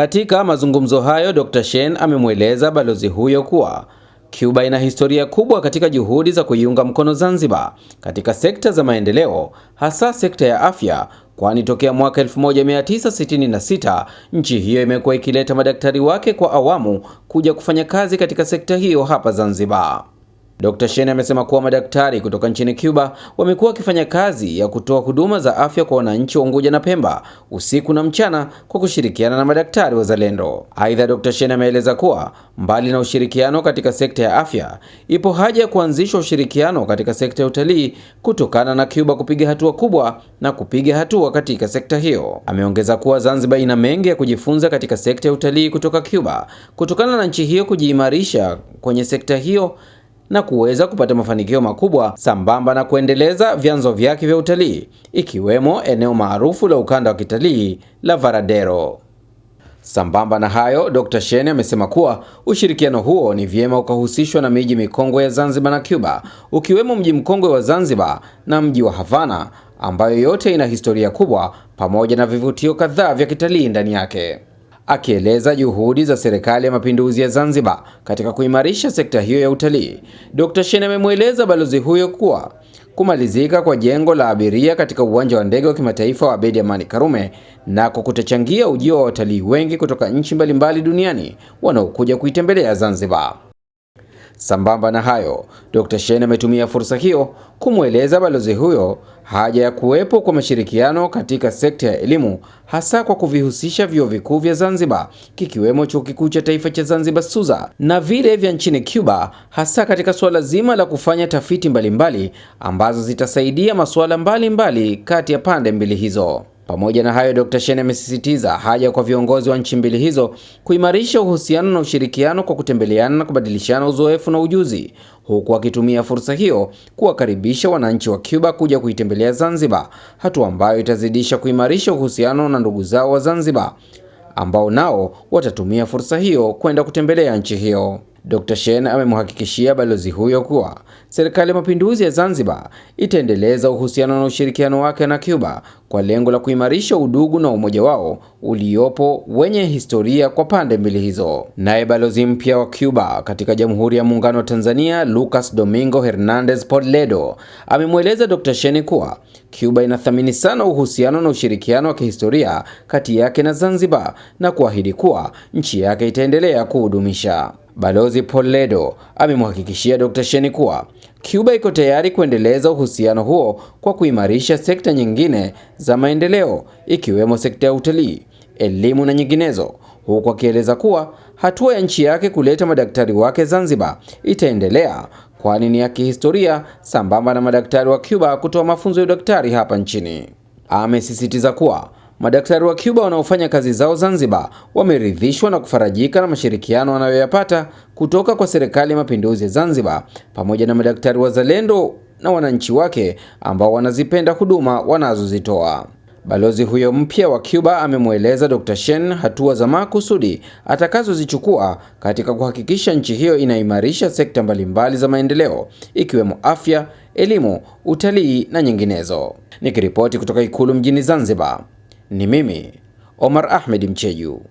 Katika mazungumzo hayo, Dr. Shein amemweleza balozi huyo kuwa Cuba ina historia kubwa katika juhudi za kuiunga mkono Zanzibar katika sekta za maendeleo, hasa sekta ya afya, kwani tokea mwaka 1966 nchi hiyo imekuwa ikileta madaktari wake kwa awamu kuja kufanya kazi katika sekta hiyo hapa Zanzibar. Dr. Shein amesema kuwa madaktari kutoka nchini Cuba wamekuwa wakifanya kazi ya kutoa huduma za afya kwa wananchi wa Unguja na Pemba usiku na mchana kwa kushirikiana na madaktari wazalendo. Aidha, Dr. Shein ameeleza kuwa mbali na ushirikiano katika sekta ya afya, ipo haja ya kuanzishwa ushirikiano katika sekta ya utalii kutokana na Cuba kupiga hatua kubwa na kupiga hatua katika sekta hiyo. Ameongeza kuwa Zanzibar ina mengi ya kujifunza katika sekta ya utalii kutoka Cuba kutokana na nchi hiyo kujiimarisha kwenye sekta hiyo na kuweza kupata mafanikio makubwa sambamba na kuendeleza vyanzo vyake vya utalii ikiwemo eneo maarufu la ukanda wa kitalii la Varadero. Sambamba na hayo, Dr. Sheni amesema kuwa ushirikiano huo ni vyema ukahusishwa na miji mikongwe ya Zanzibar na Cuba, ukiwemo mji mkongwe wa Zanzibar na mji wa Havana ambayo yote ina historia kubwa pamoja na vivutio kadhaa vya kitalii ndani yake. Akieleza juhudi za Serikali ya Mapinduzi ya Zanzibar katika kuimarisha sekta hiyo ya utalii, Dr. Shein amemweleza balozi huyo kuwa kumalizika kwa jengo la abiria katika uwanja wa ndege wa kimataifa wa Abeid Amani Karume nako kutachangia ujio wa watalii wengi kutoka nchi mbalimbali duniani wanaokuja kuitembelea Zanzibar. Sambamba na hayo, Dr. Shein ametumia fursa hiyo kumweleza balozi huyo haja ya kuwepo kwa mashirikiano katika sekta ya elimu hasa kwa kuvihusisha vyuo vikuu vya Zanzibar kikiwemo Chuo Kikuu cha Taifa cha Zanzibar SUZA na vile vya nchini Cuba hasa katika suala zima la kufanya tafiti mbalimbali mbali, ambazo zitasaidia masuala mbalimbali kati ya pande mbili hizo. Pamoja na hayo, Dr. Shein amesisitiza haja kwa viongozi wa nchi mbili hizo kuimarisha uhusiano na ushirikiano kwa kutembeleana na kubadilishana uzoefu na ujuzi, huku akitumia fursa hiyo kuwakaribisha wananchi wa Cuba kuja kuitembelea Zanzibar, hatua ambayo itazidisha kuimarisha uhusiano na ndugu zao wa Zanzibar ambao nao watatumia fursa hiyo kwenda kutembelea nchi hiyo. Dr. Shein amemhakikishia balozi huyo kuwa serikali ya mapinduzi ya Zanzibar itaendeleza uhusiano na ushirikiano wake na Cuba kwa lengo la kuimarisha udugu na umoja wao uliopo wenye historia kwa pande mbili hizo. Naye balozi mpya wa Cuba katika Jamhuri ya Muungano wa Tanzania, Lucas Domingo Hernandez Poledo, amemweleza Dr. Shein kuwa Cuba inathamini sana uhusiano na ushirikiano wa kihistoria kati yake na Zanzibar na kuahidi kuwa nchi yake itaendelea kuhudumisha. Balozi Poledo amemhakikishia Dr. Sheni kuwa Cuba iko tayari kuendeleza uhusiano huo kwa kuimarisha sekta nyingine za maendeleo ikiwemo sekta ya utalii, elimu na nyinginezo, huku akieleza kuwa hatua ya nchi yake kuleta madaktari wake Zanzibar itaendelea kwani ni ya kihistoria, sambamba na madaktari wa Cuba kutoa mafunzo ya udaktari hapa nchini. Amesisitiza kuwa Madaktari wa Cuba wanaofanya kazi zao Zanzibar wameridhishwa na kufarajika na mashirikiano wanayoyapata kutoka kwa Serikali ya Mapinduzi ya Zanzibar pamoja na madaktari wazalendo na wananchi wake ambao wanazipenda huduma wanazozitoa. Balozi huyo mpya wa Cuba amemweleza Dr. shen hatua za makusudi atakazozichukua katika kuhakikisha nchi hiyo inaimarisha sekta mbalimbali za maendeleo ikiwemo afya, elimu, utalii na nyinginezo. Nikiripoti kutoka Ikulu mjini Zanzibar. Ni mimi Omar Ahmed Mcheju.